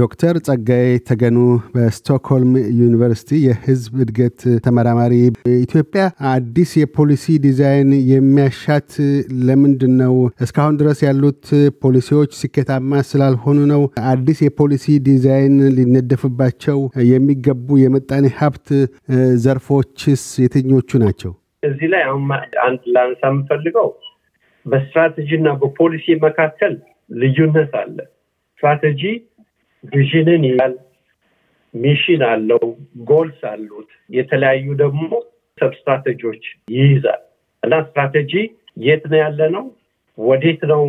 ዶክተር ጸጋዬ ተገኑ በስቶክሆልም ዩኒቨርሲቲ የህዝብ እድገት ተመራማሪ፣ ኢትዮጵያ አዲስ የፖሊሲ ዲዛይን የሚያሻት ለምንድን ነው? እስካሁን ድረስ ያሉት ፖሊሲዎች ስኬታማ ስላልሆኑ ነው? አዲስ የፖሊሲ ዲዛይን ሊነደፍባቸው የሚገቡ የመጣኔ ሀብት ዘርፎችስ የትኞቹ ናቸው? እዚህ ላይ አሁን አንድ ላንሳ የምፈልገው በስትራቴጂ እና በፖሊሲ መካከል ልዩነት አለ። ስትራቴጂ ቪዥንን ይላል፣ ሚሽን አለው፣ ጎልስ አሉት። የተለያዩ ደግሞ ሰብ ስትራቴጂዎች ይይዛል እና ስትራቴጂ የት ነው ያለ ነው ወዴት ነው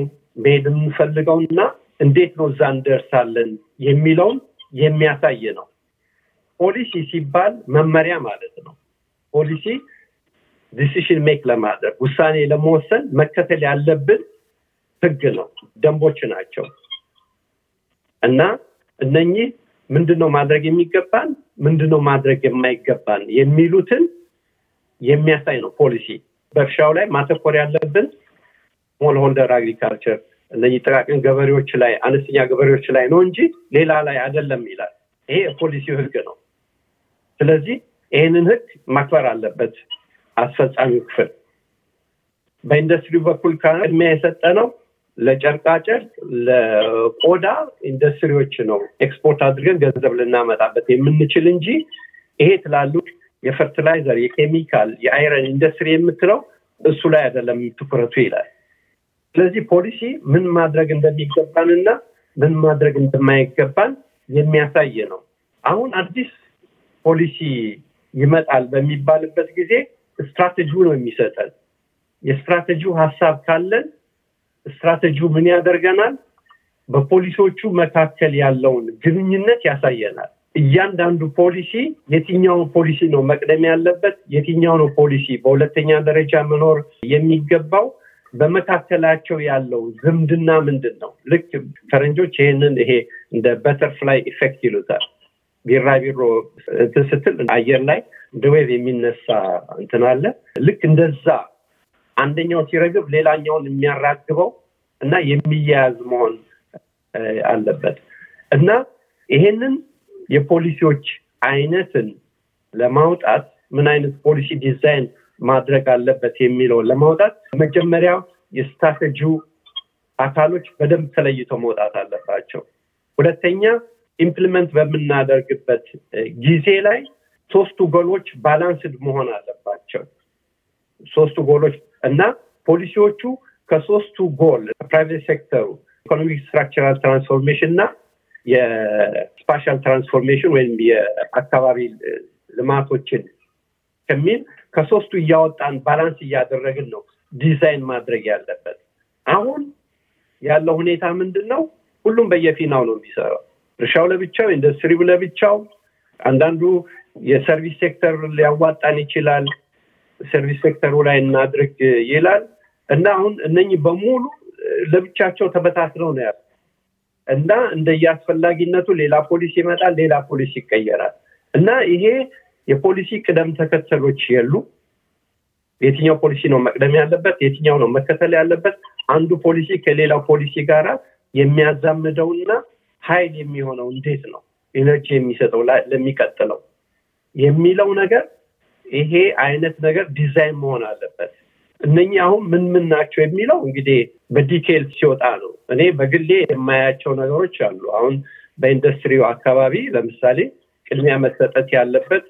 መሄድ የምንፈልገው እና እንዴት ነው እዛ እንደርሳለን የሚለውን የሚያሳይ ነው። ፖሊሲ ሲባል መመሪያ ማለት ነው። ፖሊሲ ዲሲሽን ሜክ ለማድረግ ውሳኔ ለመወሰን መከተል ያለብን ህግ ነው፣ ደንቦች ናቸው እና እነኚህ ምንድን ነው ማድረግ የሚገባን ምንድን ነው ማድረግ የማይገባን የሚሉትን የሚያሳይ ነው ፖሊሲ በእርሻው ላይ ማተኮር ያለብን ስሞል ሆልደር አግሪካልቸር እነዚህ ጥቃቅን ገበሬዎች ላይ አነስተኛ ገበሬዎች ላይ ነው እንጂ ሌላ ላይ አይደለም ይላል ይሄ የፖሊሲው ህግ ነው ስለዚህ ይህንን ህግ ማክበር አለበት አስፈጻሚው ክፍል በኢንዱስትሪ በኩል ቅድሚያ የሰጠ ነው ለጨርቃጨርቅ፣ ለቆዳ ኢንዱስትሪዎች ነው ኤክስፖርት አድርገን ገንዘብ ልናመጣበት የምንችል እንጂ ይሄ ትላልቅ የፈርቲላይዘር፣ የኬሚካል፣ የአይረን ኢንዱስትሪ የምትለው እሱ ላይ አይደለም ትኩረቱ ይላል። ስለዚህ ፖሊሲ ምን ማድረግ እንደሚገባን እና ምን ማድረግ እንደማይገባን የሚያሳይ ነው። አሁን አዲስ ፖሊሲ ይመጣል በሚባልበት ጊዜ ስትራቴጂው ነው የሚሰጠን። የስትራቴጂው ሀሳብ ካለን ስትራቴጂው ምን ያደርገናል? በፖሊሶቹ መካከል ያለውን ግንኙነት ያሳየናል። እያንዳንዱ ፖሊሲ የትኛውን ፖሊሲ ነው መቅደም ያለበት፣ የትኛው ነው ፖሊሲ በሁለተኛ ደረጃ መኖር የሚገባው፣ በመካከላቸው ያለው ዝምድና ምንድን ነው? ልክ ፈረንጆች ይህንን ይሄ እንደ በተርፍላይ ኢፌክት ይሉታል። ቢራቢሮ ስትል አየር ላይ እንደ ዌብ የሚነሳ እንትን አለ። ልክ እንደዛ አንደኛው ሲረግብ ሌላኛውን የሚያራግበው እና የሚያያዝ መሆን አለበት እና ይሄንን የፖሊሲዎች አይነትን ለማውጣት ምን አይነት ፖሊሲ ዲዛይን ማድረግ አለበት የሚለውን ለማውጣት መጀመሪያ የስታተጂ አካሎች በደንብ ተለይተው መውጣት አለባቸው። ሁለተኛ ኢምፕሊመንት በምናደርግበት ጊዜ ላይ ሶስቱ ጎሎች ባላንስድ መሆን አለባቸው። ሶስቱ ጎሎች እና ፖሊሲዎቹ ከሶስቱ ጎል ፕራይቬት ሴክተሩ ኢኮኖሚክ ስትራክቸራል ትራንስፎርሜሽን እና የስፓሻል ትራንስፎርሜሽን ወይም የአካባቢ ልማቶችን ከሚል ከሶስቱ እያወጣን ባላንስ እያደረግን ነው ዲዛይን ማድረግ ያለበት። አሁን ያለው ሁኔታ ምንድን ነው? ሁሉም በየፊናው ነው የሚሰራው። እርሻው ለብቻው፣ ኢንዱስትሪው ለብቻው፣ አንዳንዱ የሰርቪስ ሴክተር ሊያዋጣን ይችላል። ሰርቪስ ሴክተሩ ላይ እናድርግ ይላል እና አሁን እነኚህ በሙሉ ለብቻቸው ተበታትነው ነው ያሉ እና እንደየአስፈላጊነቱ ሌላ ፖሊሲ ይመጣል፣ ሌላ ፖሊሲ ይቀየራል እና ይሄ የፖሊሲ ቅደም ተከተሎች የሉ የትኛው ፖሊሲ ነው መቅደም ያለበት፣ የትኛው ነው መከተል ያለበት፣ አንዱ ፖሊሲ ከሌላው ፖሊሲ ጋር የሚያዛምደውና ሀይል የሚሆነው እንዴት ነው ኢነርጂ የሚሰጠው ለሚቀጥለው የሚለው ነገር ይሄ አይነት ነገር ዲዛይን መሆን አለበት። እነኚህ አሁን ምን ምን ናቸው የሚለው እንግዲህ በዲቴል ሲወጣ ነው። እኔ በግሌ የማያቸው ነገሮች አሉ። አሁን በኢንዱስትሪው አካባቢ ለምሳሌ ቅድሚያ መሰጠት ያለበት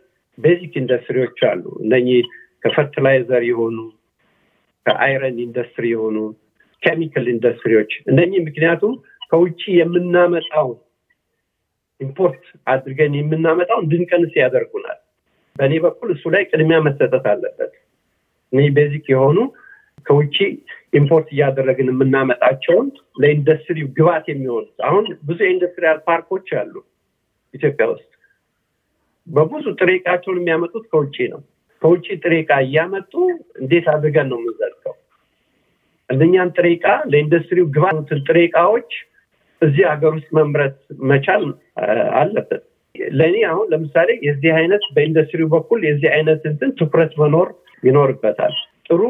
ቤዚክ ኢንዱስትሪዎች አሉ። እነኚህ ከፈርቲላይዘር የሆኑ ከአይረን ኢንዱስትሪ የሆኑ ኬሚካል ኢንዱስትሪዎች እነኚህ ምክንያቱም ከውጭ የምናመጣው ኢምፖርት አድርገን የምናመጣው እንድንቀንስ ያደርጉናል። በእኔ በኩል እሱ ላይ ቅድሚያ መሰጠት አለበት። እኔ ቤዚክ የሆኑ ከውጭ ኢምፖርት እያደረግን የምናመጣቸውን ለኢንዱስትሪው ግብዓት የሚሆኑት አሁን ብዙ የኢንዱስትሪያል ፓርኮች አሉ ኢትዮጵያ ውስጥ በብዙ ጥሬ እቃቸውን የሚያመጡት ከውጭ ነው። ከውጭ ጥሬ እቃ እያመጡ እንዴት አድርገን ነው የምንዘልቀው? እነኛን ጥሬ እቃ ለኢንዱስትሪው ግብዓት ጥሬ እቃዎች እዚህ ሀገር ውስጥ መምረት መቻል አለበት። ለእኔ አሁን ለምሳሌ የዚህ አይነት በኢንዱስትሪው በኩል የዚህ አይነት እንትን ትኩረት መኖር ይኖርበታል። ጥሩ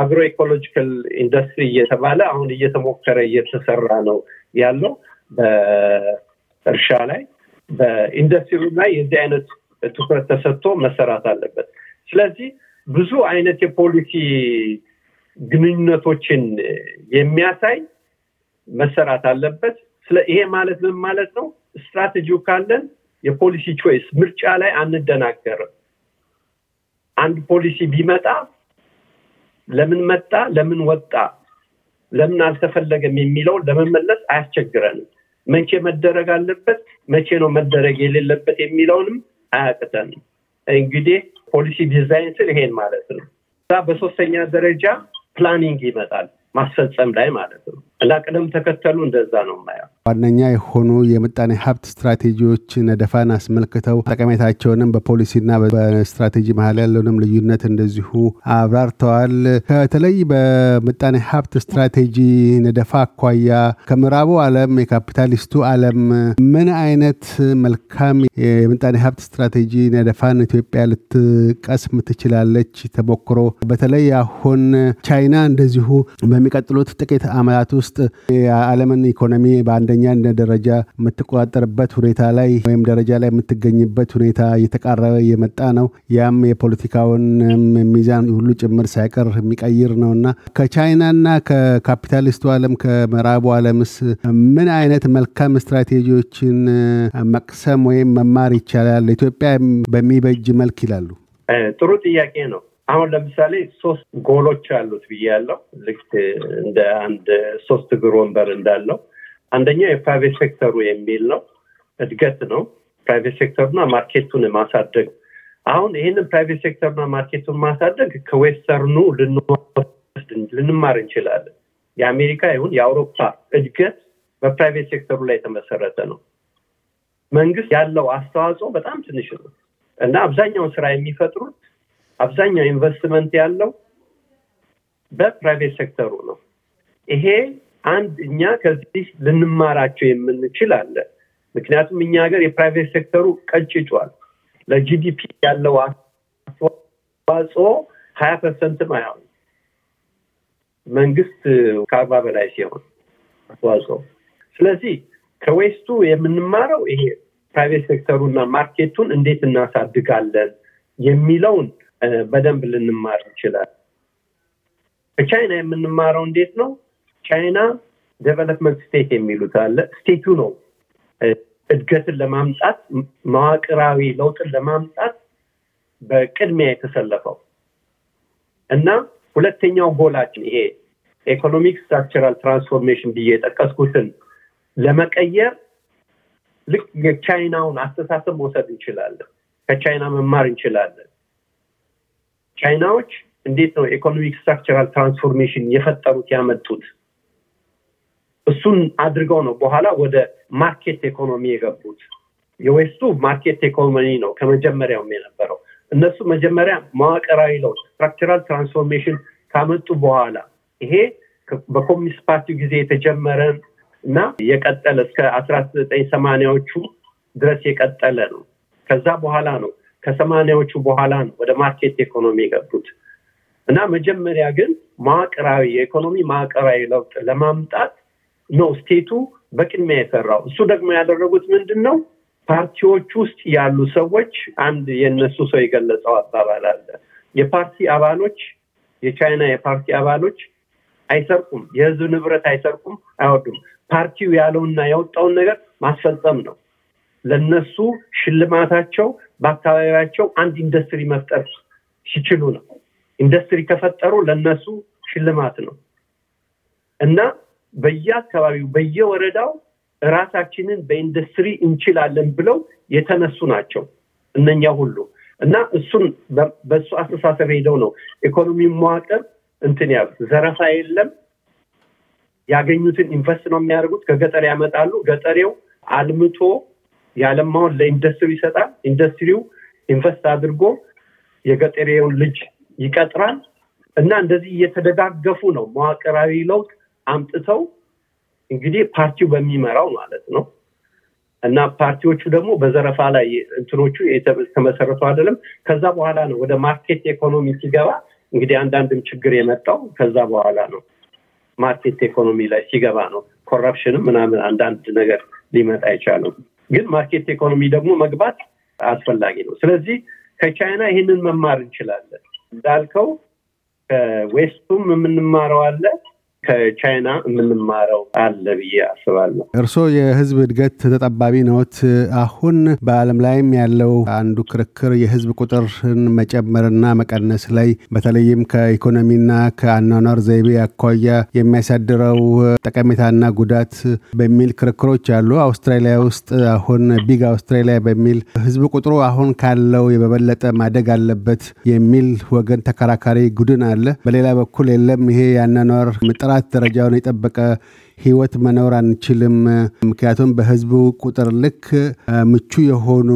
አግሮ ኢኮሎጂካል ኢንዱስትሪ እየተባለ አሁን እየተሞከረ እየተሰራ ነው ያለው በእርሻ ላይ በኢንዱስትሪው ላይ የዚህ አይነት ትኩረት ተሰጥቶ መሰራት አለበት። ስለዚህ ብዙ አይነት የፖሊሲ ግንኙነቶችን የሚያሳይ መሰራት አለበት። ይሄ ማለት ምን ማለት ነው? ስትራቴጂው ካለን የፖሊሲ ቾይስ ምርጫ ላይ አንደናገርም። አንድ ፖሊሲ ቢመጣ ለምን መጣ፣ ለምን ወጣ፣ ለምን አልተፈለገም የሚለው ለመመለስ አያስቸግረንም። መቼ መደረግ አለበት፣ መቼ ነው መደረግ የሌለበት የሚለውንም አያቅተንም። እንግዲህ ፖሊሲ ዲዛይን ስል ይሄን ማለት ነው። በሶስተኛ ደረጃ ፕላኒንግ ይመጣል፣ ማስፈጸም ላይ ማለት ነው። እና ቅደም ተከተሉ እንደዛ ነው ማየው። ዋነኛ የሆኑ የምጣኔ ሀብት ስትራቴጂዎች ነደፋን አስመልክተው ጠቀሜታቸውንም በፖሊሲና በስትራቴጂ መሀል ያለውንም ልዩነት እንደዚሁ አብራርተዋል። በተለይ በምጣኔ ሀብት ስትራቴጂ ነደፋ አኳያ ከምዕራቡ ዓለም የካፒታሊስቱ ዓለም ምን አይነት መልካም የምጣኔ ሀብት ስትራቴጂ ነደፋን ኢትዮጵያ ልትቀስም ትችላለች? ተሞክሮ በተለይ አሁን ቻይና እንደዚሁ በሚቀጥሉት ጥቂት ዓመታት ውስጥ ውስጥ የዓለምን ኢኮኖሚ በአንደኛ ደረጃ የምትቆጣጠርበት ሁኔታ ላይ ወይም ደረጃ ላይ የምትገኝበት ሁኔታ እየተቃረበ እየመጣ ነው። ያም የፖለቲካውን ሚዛን ሁሉ ጭምር ሳይቀር የሚቀይር ነው እና ከቻይናና ከካፒታሊስቱ ዓለም ከምዕራቡ ዓለምስ ምን አይነት መልካም ስትራቴጂዎችን መቅሰም ወይም መማር ይቻላል? ኢትዮጵያ በሚበጅ መልክ ይላሉ። ጥሩ ጥያቄ ነው። አሁን ለምሳሌ ሶስት ጎሎች አሉት ብዬ ያለው ልክ እንደ አንድ ሶስት እግር ወንበር እንዳለው አንደኛው የፕራይቬት ሴክተሩ የሚል ነው። እድገት ነው። ፕራይቬት ሴክተሩና ማርኬቱን ማሳደግ አሁን ይህንን ፕራይቬት ሴክተሩና ማርኬቱን ማሳደግ ከዌስተርኑ ልንማር እንችላለን። የአሜሪካ ይሁን የአውሮፓ እድገት በፕራይቬት ሴክተሩ ላይ የተመሰረተ ነው። መንግስት ያለው አስተዋጽኦ በጣም ትንሽ ነው እና አብዛኛውን ስራ የሚፈጥሩት አብዛኛው ኢንቨስትመንት ያለው በፕራይቬት ሴክተሩ ነው። ይሄ አንድ እኛ ከዚህ ልንማራቸው የምንችል አለ። ምክንያቱም እኛ ሀገር የፕራይቬት ሴክተሩ ቀጭጯል። ለጂዲፒ ያለው አስተዋጽኦ ሀያ ፐርሰንትም አይሆን መንግስት ከአርባ በላይ ሲሆን አስተዋጽኦ። ስለዚህ ከዌስቱ የምንማረው ይሄ ፕራይቬት ሴክተሩና ማርኬቱን እንዴት እናሳድጋለን የሚለውን በደንብ ልንማር ይችላል። ከቻይና የምንማረው እንዴት ነው? ቻይና ዴቨሎፕመንት ስቴት የሚሉት አለ። ስቴቱ ነው እድገትን ለማምጣት መዋቅራዊ ለውጥን ለማምጣት በቅድሚያ የተሰለፈው እና ሁለተኛው ጎላችን ይሄ ኢኮኖሚክ ስትራክቸራል ትራንስፎርሜሽን ብዬ የጠቀስኩትን ለመቀየር ልክ የቻይናውን አስተሳሰብ መውሰድ እንችላለን። ከቻይና መማር እንችላለን። ቻይናዎች እንዴት ነው ኢኮኖሚክ ስትራክቸራል ትራንስፎርሜሽን የፈጠሩት ያመጡት እሱን አድርገው ነው በኋላ ወደ ማርኬት ኢኮኖሚ የገቡት የወስቱ ማርኬት ኢኮኖሚ ነው ከመጀመሪያውም የነበረው እነሱ መጀመሪያ መዋቅራዊ ለውጥ ስትራክቸራል ትራንስፎርሜሽን ካመጡ በኋላ ይሄ በኮሚኒስት ፓርቲው ጊዜ የተጀመረ እና የቀጠለ እስከ አስራ ዘጠኝ ሰማኒያዎቹ ድረስ የቀጠለ ነው ከዛ በኋላ ነው ከሰማኒያዎቹ በኋላ ነው ወደ ማርኬት ኢኮኖሚ የገቡት እና መጀመሪያ ግን ማቅራዊ የኢኮኖሚ ማዕቀራዊ ለውጥ ለማምጣት ነው ስቴቱ በቅድሚያ የሰራው። እሱ ደግሞ ያደረጉት ምንድን ነው? ፓርቲዎች ውስጥ ያሉ ሰዎች አንድ የነሱ ሰው የገለጸው አባባል አለ። የፓርቲ አባሎች የቻይና የፓርቲ አባሎች አይሰርቁም፣ የህዝብ ንብረት አይሰርቁም፣ አይወዱም። ፓርቲው ያለውና ያወጣውን ነገር ማስፈጸም ነው። ለነሱ ሽልማታቸው በአካባቢያቸው አንድ ኢንዱስትሪ መፍጠር ሲችሉ ነው። ኢንዱስትሪ ከፈጠሩ ለነሱ ሽልማት ነው እና በየአካባቢው በየወረዳው ራሳችንን በኢንዱስትሪ እንችላለን ብለው የተነሱ ናቸው እነኛ ሁሉ እና እሱን በእሱ አስተሳሰብ ሄደው ነው ኢኮኖሚ መዋቅር እንትን ያሉት። ዘረፋ የለም። ያገኙትን ኢንቨስት ነው የሚያደርጉት። ከገጠር ያመጣሉ። ገጠሬው አልምቶ ያለማውን ለኢንዱስትሪ ይሰጣል። ኢንዱስትሪው ኢንቨስት አድርጎ የገጠሬውን ልጅ ይቀጥራል እና እንደዚህ እየተደጋገፉ ነው መዋቅራዊ ለውጥ አምጥተው እንግዲህ ፓርቲው በሚመራው ማለት ነው እና ፓርቲዎቹ ደግሞ በዘረፋ ላይ እንትኖቹ የተመሰረቱ አይደለም። ከዛ በኋላ ነው ወደ ማርኬት ኢኮኖሚ ሲገባ እንግዲህ አንዳንድም ችግር የመጣው ከዛ በኋላ ነው። ማርኬት ኢኮኖሚ ላይ ሲገባ ነው ኮረፕሽንም ምናምን አንዳንድ ነገር ሊመጣ አይቻልም። ግን ማርኬት ኢኮኖሚ ደግሞ መግባት አስፈላጊ ነው። ስለዚህ ከቻይና ይህንን መማር እንችላለን። እንዳልከው ከዌስቱም የምንማረው አለ፣ ከቻይና የምንማረው አለ ብዬ አስባለሁ። እርስዎ የህዝብ እድገት ተጠባቢ ነዎት። አሁን በዓለም ላይም ያለው አንዱ ክርክር የህዝብ ቁጥርን መጨመርና መቀነስ ላይ በተለይም ከኢኮኖሚና ከአኗኗር ዘይቤ አኳያ የሚያሳድረው ጠቀሜታና ጉዳት በሚል ክርክሮች አሉ። አውስትራሊያ ውስጥ አሁን ቢግ አውስትራሊያ በሚል ህዝብ ቁጥሩ አሁን ካለው የበበለጠ ማደግ አለበት የሚል ወገን ተከራካሪ ቡድን አለ። በሌላ በኩል የለም ይሄ የአኗኗር ምጥራ ጥራት ደረጃውን የጠበቀ ህይወት መኖር አንችልም። ምክንያቱም በህዝቡ ቁጥር ልክ ምቹ የሆኑ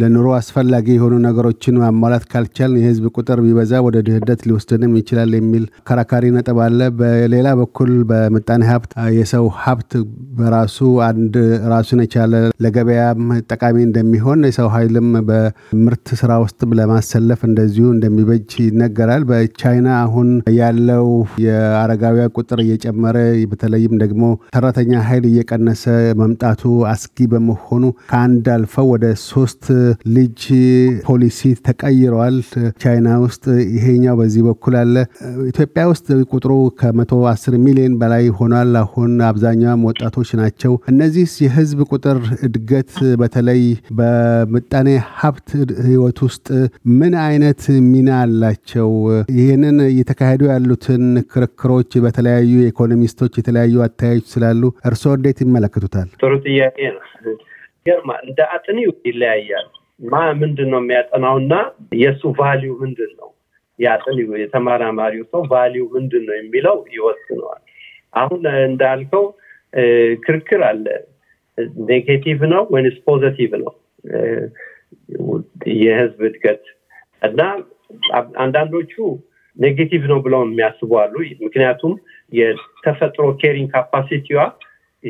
ለኑሮ አስፈላጊ የሆኑ ነገሮችን ማሟላት ካልቻል የህዝብ ቁጥር ቢበዛ ወደ ድህደት ሊወስድንም ይችላል የሚል ከራካሪ ነጥብ አለ። በሌላ በኩል በምጣኔ ሀብት የሰው ሀብት በራሱ አንድ ራሱን የቻለ ለገበያም ጠቃሚ እንደሚሆን የሰው ኃይልም በምርት ስራ ውስጥ ለማሰለፍ እንደዚሁ እንደሚበጅ ይነገራል። በቻይና አሁን ያለው የአረጋዊያ ቁጥር እየጨመረ በተለይም ደግሞ ሰራተኛ ኃይል እየቀነሰ መምጣቱ አስጊ በመሆኑ ከአንድ አልፈው ወደ ሶስት ልጅ ፖሊሲ ተቀይረዋል። ቻይና ውስጥ ይሄኛው በዚህ በኩል አለ። ኢትዮጵያ ውስጥ ቁጥሩ ከመቶ አስር ሚሊዮን በላይ ሆኗል። አሁን አብዛኛውም ወጣቶች ናቸው። እነዚህ የህዝብ ቁጥር እድገት በተለይ በምጣኔ ሀብት ህይወት ውስጥ ምን አይነት ሚና አላቸው? ይህንን እየተካሄዱ ያሉትን ክርክሮች በተለያዩ ኢኮኖሚስቶች የተለያዩ መታያዮች ስላሉ እርስዎ እንዴት ይመለከቱታል? ጥሩ ጥያቄ ነው። ገርማ እንደ አጥኒው ይለያያል። ማ ምንድን ነው የሚያጠናውና የእሱ ቫሊዩ ምንድን ነው የአጥኒው የተመራማሪው ሰው ቫሊዩ ምንድን ነው የሚለው ይወስነዋል። አሁን እንዳልከው ክርክር አለ። ኔጌቲቭ ነው ወይንስ ፖዘቲቭ ነው የህዝብ እድገት እና አንዳንዶቹ ኔጌቲቭ ነው ብለውን የሚያስቡ አሉ። ምክንያቱም የተፈጥሮ ኬሪንግ ካፓሲቲዋ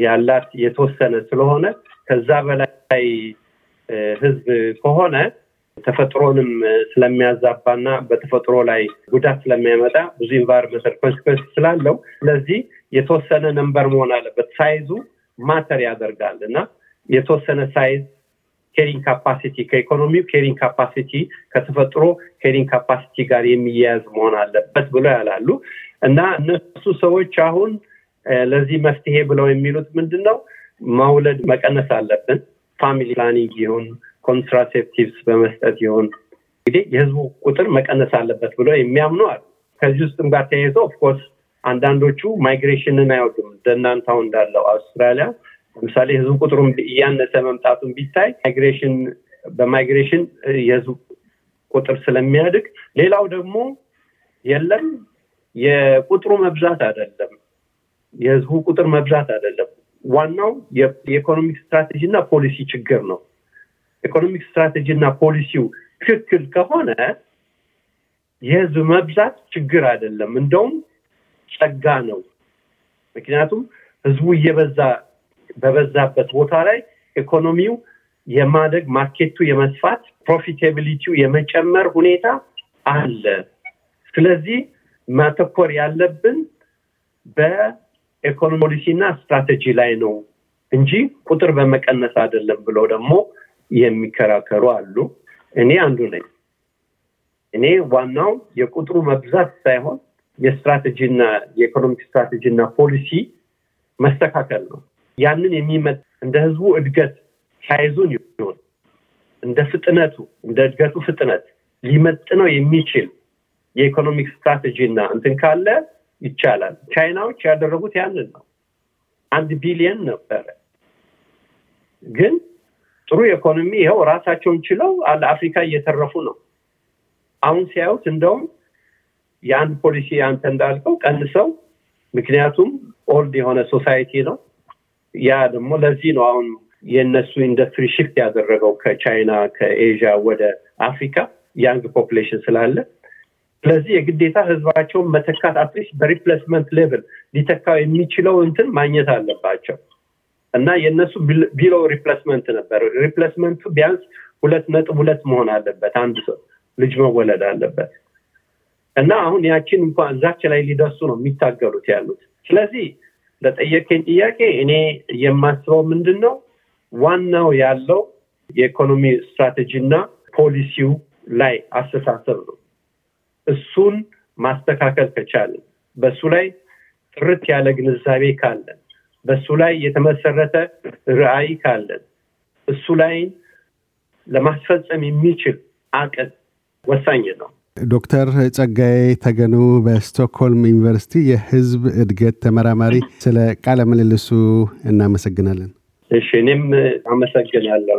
ያላት የተወሰነ ስለሆነ ከዛ በላይ ህዝብ ከሆነ ተፈጥሮንም ስለሚያዛባና በተፈጥሮ ላይ ጉዳት ስለሚያመጣ ብዙ ኢንቫይሮንመንታል ኮንስኮንስ ስላለው ስለዚህ የተወሰነ ነንበር መሆን አለበት። ሳይዙ ማተር ያደርጋል እና የተወሰነ ሳይዝ ኬሪንግ ካፓሲቲ ከኢኮኖሚው ኬሪንግ ካፓሲቲ ከተፈጥሮ ኬሪንግ ካፓሲቲ ጋር የሚያያዝ መሆን አለበት ብሎ ያላሉ እና እነሱ ሰዎች አሁን ለዚህ መፍትሄ ብለው የሚሉት ምንድን ነው መውለድ መቀነስ አለብን ፋሚሊ ፕላኒንግ ይሁን ኮንትራሴፕቲቭስ በመስጠት ይሁን እንግዲህ የህዝቡ ቁጥር መቀነስ አለበት ብሎ የሚያምኑ አሉ ከዚህ ውስጥም ጋር ተያይዘው ኦፍኮርስ አንዳንዶቹ ማይግሬሽንን አይወዱም እንደናንተ እንዳለው አውስትራሊያ ለምሳሌ ህዝብ ቁጥሩም እያነሰ መምጣቱን ቢታይ ማይግሬሽን በማይግሬሽን የህዝብ ቁጥር ስለሚያድግ፣ ሌላው ደግሞ የለም የቁጥሩ መብዛት አይደለም፣ የህዝቡ ቁጥር መብዛት አይደለም። ዋናው የኢኮኖሚክ ስትራቴጂ እና ፖሊሲ ችግር ነው። ኢኮኖሚክ ስትራቴጂ እና ፖሊሲው ትክክል ከሆነ የህዝብ መብዛት ችግር አይደለም፣ እንደውም ጸጋ ነው። ምክንያቱም ህዝቡ እየበዛ በበዛበት ቦታ ላይ ኢኮኖሚው የማደግ ማርኬቱ የመስፋት ፕሮፊታቢሊቲው የመጨመር ሁኔታ አለ። ስለዚህ ማተኮር ያለብን በኢኮኖሚ ፖሊሲና ስትራቴጂ ላይ ነው እንጂ ቁጥር በመቀነስ አይደለም ብለው ደግሞ የሚከራከሩ አሉ። እኔ አንዱ ነኝ። እኔ ዋናው የቁጥሩ መብዛት ሳይሆን የስትራቴጂና የኢኮኖሚክ ስትራቴጂና ፖሊሲ መስተካከል ነው። ያንን የሚመጥ እንደ ህዝቡ እድገት ሳይዙን ይሆን እንደ ፍጥነቱ እንደ እድገቱ ፍጥነት ሊመጥነው የሚችል የኢኮኖሚክ ስትራቴጂ እና እንትን ካለ ይቻላል። ቻይናዎች ያደረጉት ያንን ነው። አንድ ቢሊየን ነበረ ግን ጥሩ ኢኮኖሚ ይኸው ራሳቸውን ችለው ለአፍሪካ እየተረፉ ነው። አሁን ሲያዩት እንደውም የአንድ ፖሊሲ አንተ እንዳልከው ቀንሰው፣ ምክንያቱም ኦልድ የሆነ ሶሳይቲ ነው ያ ደግሞ ለዚህ ነው አሁን የእነሱ ኢንዱስትሪ ሽፍት ያደረገው ከቻይና ከኤዥያ ወደ አፍሪካ ያንግ ፖፕሌሽን ስላለ ስለዚህ የግዴታ ህዝባቸውን መተካት አትሊስት በሪፕሌስመንት ሌቭል ሊተካው የሚችለው እንትን ማግኘት አለባቸው እና የእነሱ ቢሎ ሪፕሌስመንት ነበር ሪፕሌስመንቱ ቢያንስ ሁለት ነጥብ ሁለት መሆን አለበት አንድ ሰው ልጅ መወለድ አለበት እና አሁን ያችን እንኳን እዛች ላይ ሊደርሱ ነው የሚታገሉት ያሉት ስለዚህ ለጠየቀኝ ጥያቄ እኔ የማስበው ምንድን ነው ዋናው ያለው የኢኮኖሚ ስትራቴጂ እና ፖሊሲው ላይ አስተሳሰብ ነው። እሱን ማስተካከል ከቻለን፣ በሱ ላይ ጥርት ያለ ግንዛቤ ካለን፣ በሱ ላይ የተመሰረተ ርአይ ካለን፣ እሱ ላይ ለማስፈጸም የሚችል አቅል ወሳኝ ነው። ዶክተር ጸጋዬ ተገኑ በስቶክሆልም ዩኒቨርሲቲ የህዝብ እድገት ተመራማሪ፣ ስለ ቃለ ምልልሱ እናመሰግናለን። እሺ፣ እኔም አመሰግናለሁ።